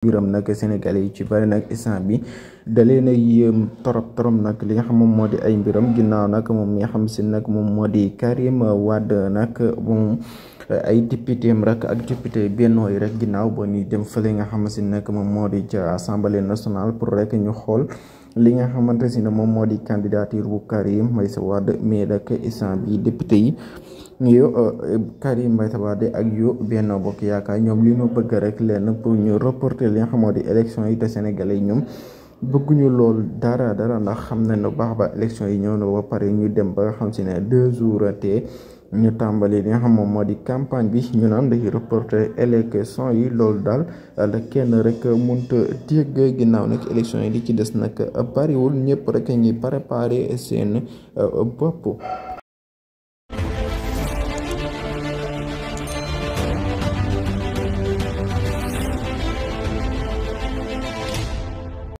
biram nag sénégalais yi ci bari nag instant bi da leen a yéem torop torop nag li nga xam moom moo di ay mbiram ginnaaw nag moom mi nga xam si nag moom moo di Karim wadd nag moom ay députéem rek ak député Benno yi rek ginnaaw ba ñuy dem fële nga xam si nag moom moo di ca assemblée national pour rek ñu xool li nga xamante si ne moom moo di candidature bu Karim Meïssa Wade mais nag instant bi député yi yu uh, Karim Meïssa Wade ak yu benn Bokk Yaakaar ñoom li ñu bëgg rek leen pour ñu reporter li nga xamoo di élection yi te Sénégalais yi ñoom bëgguñu lool dara dara ndax xam nañ ne baax ba élection yi ñëw na ba pare ñu dem ba xam si ne deux jours te ñu tàmbali li nga xam moom moo di campagne bi ñu naan dañuy reporter élection yi loolu daal la kenn rek mënut a ginnaaw nag élection yi li ci des nag bariwul ñëpp rek ñi préparé seen uh, bopp.